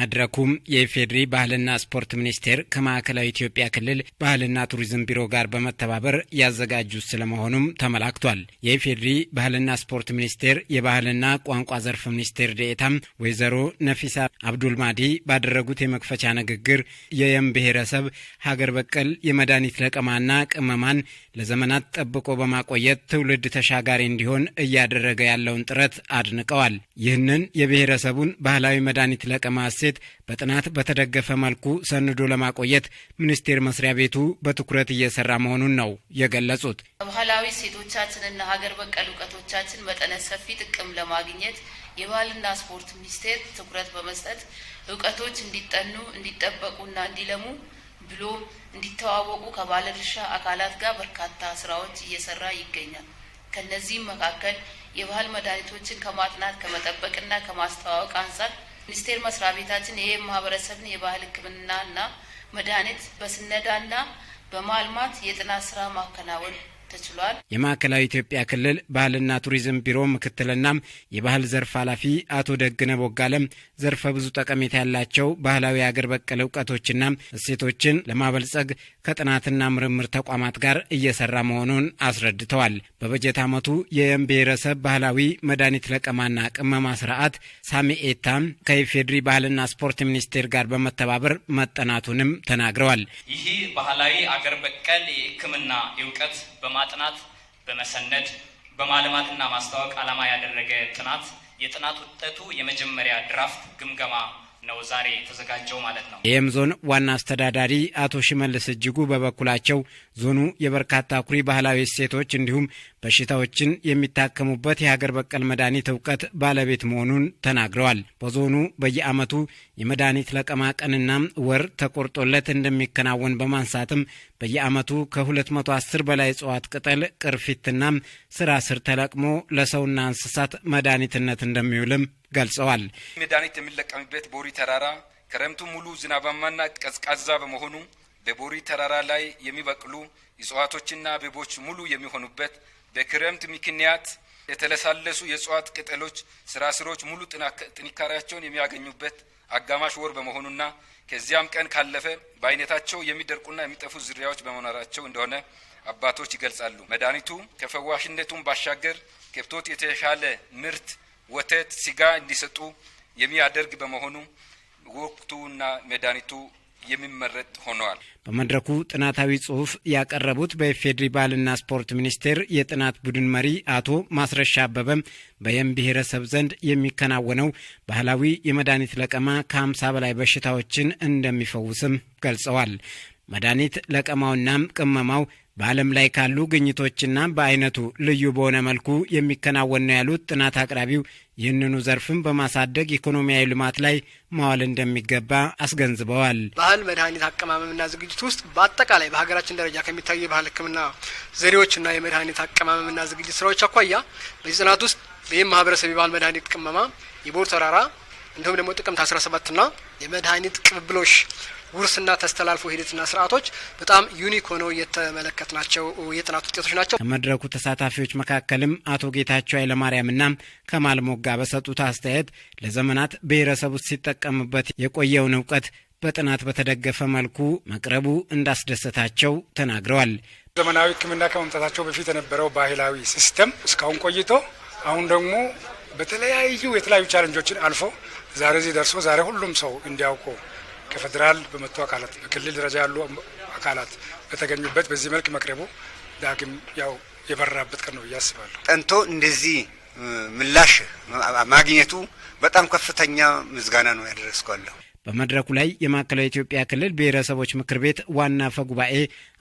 መድረኩም የኢፌዴሪ ባህልና ስፖርት ሚኒስቴር ከማዕከላዊ ኢትዮጵያ ክልል ባህልና ቱሪዝም ቢሮ ጋር በመተባበር ያዘጋጁ ስለመሆኑም ተመላክቷል። የኢፌዴሪ ባህልና ስፖርት ሚኒስቴር የባህልና ቋንቋ ዘርፍ ሚኒስቴር ዴኤታም ወይዘሮ ነፊሳ አብዱል ማዲ ባደረጉት የመክፈቻ ንግግር የየም ብሔረሰብ ሀገር በቀል የመድኃኒት ለቀማና ቅመማን ለዘመናት ጠብቆ በማቆየት ትውልድ ተሻጋሪ እንዲሆን እያደረገ ያለውን ጥረት አድንቀዋል። ይህንን የብሔረሰቡን ባህላዊ መድኃኒት ለቀማ እሴት በጥናት በተደገፈ መልኩ ሰንዶ ለማቆየት ሚኒስቴር መስሪያ ቤቱ በትኩረት እየሰራ መሆኑን ነው የገለጹት። ባህላዊ እሴቶቻችንና ሀገር በቀል እውቀቶቻችን መጠነ ሰፊ ጥቅም ለማግኘት የባህልና ስፖርት ሚኒስቴር ትኩረት በመስጠት እውቀቶች እንዲጠኑ እንዲጠበቁና እንዲለሙ ብሎ እንዲተዋወቁ ከባለድርሻ አካላት ጋር በርካታ ስራዎች እየሰራ ይገኛል። ከነዚህም መካከል የባህል መድኃኒቶችን ከማጥናት ከመጠበቅና ከማስተዋወቅ አንጻር ሚኒስቴር መስሪያ ቤታችን ይህ ማህበረሰብን የባህል ሕክምናና መድኃኒት በስነዳና በማልማት የጥናት ስራ ማከናወን ተችሏል። የማዕከላዊ ኢትዮጵያ ክልል ባህልና ቱሪዝም ቢሮ ምክትልና የባህል ዘርፍ ኃላፊ አቶ ደግነ ቦጋለም ዘርፈ ብዙ ጠቀሜታ ያላቸው ባህላዊ አገር በቀል እውቀቶችና እሴቶችን ለማበልጸግ ከጥናትና ምርምር ተቋማት ጋር እየሰራ መሆኑን አስረድተዋል። በበጀት ዓመቱ የየም ብሔረሰብ ባህላዊ መድኃኒት ለቀማና ቅመማ ስርዓት ሳሚኤታ ከኢፌድሪ ባህልና ስፖርት ሚኒስቴር ጋር በመተባበር መጠናቱንም ተናግረዋል። ይህ ባህላዊ አገር በቀል የሕክምና እውቀት በማጥናት በመሰነድ በማልማትና ማስታወቅ ዓላማ ያደረገ ጥናት የጥናት ውጤቱ የመጀመሪያ ድራፍት ግምገማ ነው ዛሬ የተዘጋጀው ማለት ነው። ይህም ዞን ዋና አስተዳዳሪ አቶ ሽመልስ እጅጉ በበኩላቸው ዞኑ የበርካታ ኩሪ ባህላዊ እሴቶች እንዲሁም በሽታዎችን የሚታከሙበት የሀገር በቀል መድኃኒት እውቀት ባለቤት መሆኑን ተናግረዋል። በዞኑ በየዓመቱ የመድኃኒት ለቀማ ቀንና ወር ተቆርጦለት እንደሚከናወን በማንሳትም በየዓመቱ ከ210 በላይ እጽዋት ቅጠል ቅርፊትና ስራ ስር ተለቅሞ ለሰውና እንስሳት መድኃኒትነት እንደሚውልም ገልጸዋል። መድኃኒት የሚለቀምበት ቦሪ ተራራ ክረምቱ ሙሉ ዝናባማና ቀዝቃዛ በመሆኑ በቦሪ ተራራ ላይ የሚበቅሉ እጽዋቶችና አበቦች ሙሉ የሚሆኑበት በክረምት ምክንያት የተለሳለሱ የእጽዋት ቅጠሎች ስራ ስሮች ሙሉ ጥንካሬያቸውን የሚያገኙበት አጋማሽ ወር በመሆኑና ከዚያም ቀን ካለፈ በአይነታቸው የሚደርቁና የሚጠፉ ዝርያዎች በመኖራቸው እንደሆነ አባቶች ይገልጻሉ። መድኃኒቱ ከፈዋሽነቱን ባሻገር ከብቶት የተሻለ ምርት፣ ወተት፣ ስጋ እንዲሰጡ የሚያደርግ በመሆኑ ወቅቱና መድኃኒቱ የሚመረጥ ሆነዋል። በመድረኩ ጥናታዊ ጽሑፍ ያቀረቡት በኢፌዴሪ ባህልና ስፖርት ሚኒስቴር የጥናት ቡድን መሪ አቶ ማስረሻ አበበም በየም ብሔረሰብ ዘንድ የሚከናወነው ባህላዊ የመድኃኒት ለቀማ ከ50 በላይ በሽታዎችን እንደሚፈውስም ገልጸዋል። መድኃኒት ለቀማውናም ቅመማው በዓለም ላይ ካሉ ግኝቶችና በአይነቱ ልዩ በሆነ መልኩ የሚከናወን ነው ያሉት ጥናት አቅራቢው ይህንኑ ዘርፍም በማሳደግ ኢኮኖሚያዊ ልማት ላይ ማዋል እንደሚገባ አስገንዝበዋል። ባህል መድኃኒት አቀማመምና ዝግጅት ውስጥ በአጠቃላይ በሀገራችን ደረጃ ከሚታዩ የባህል ሕክምና ዘዴዎችና የመድኃኒት አቀማመምና ዝግጅት ስራዎች አኳያ በዚህ ጥናት ውስጥ በይህም ማህበረሰብ የባህል መድኃኒት ቅመማ፣ የቦር ተራራ እንዲሁም ደግሞ ጥቅምት 17ና የመድኃኒት ቅብብሎሽ ውርስና ተስተላልፎ ሂደትና ስርዓቶች በጣም ዩኒክ ሆነው የተመለከትናቸው የጥናት ውጤቶች ናቸው። ከመድረኩ ተሳታፊዎች መካከልም አቶ ጌታቸው ኃይለማርያምና ከማል ሞጋ በሰጡት አስተያየት ለዘመናት ብሔረሰቡ ሲጠቀምበት የቆየውን እውቀት በጥናት በተደገፈ መልኩ መቅረቡ እንዳስደሰታቸው ተናግረዋል። ዘመናዊ ሕክምና ከመምጣታቸው በፊት የነበረው ባህላዊ ሲስተም እስካሁን ቆይቶ አሁን ደግሞ በተለያዩ የተለያዩ ቻለንጆችን አልፎ ዛሬ እዚህ ደርሶ ዛሬ ሁሉም ሰው እንዲያውቁ ከፌዴራል በመጡ አካላት በክልል ደረጃ ያሉ አካላት በተገኙበት በዚህ መልክ መቅረቡ ዳግም ያው የበራበት ቀን ነው ብዬ ጠንቶ እንደዚህ ምላሽ ማግኘቱ በጣም ከፍተኛ ምዝጋና ነው ያደረስኳለሁ። በመድረኩ ላይ የማዕከላዊ ኢትዮጵያ ክልል ብሔረሰቦች ምክር ቤት ዋና አፈ ጉባኤ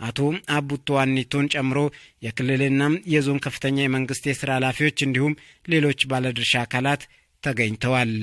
አቶ አቡቶ ዋኒቶን ጨምሮ የክልልና የዞን ከፍተኛ የመንግስት የስራ ኃላፊዎች እንዲሁም ሌሎች ባለድርሻ አካላት ተገኝተዋል።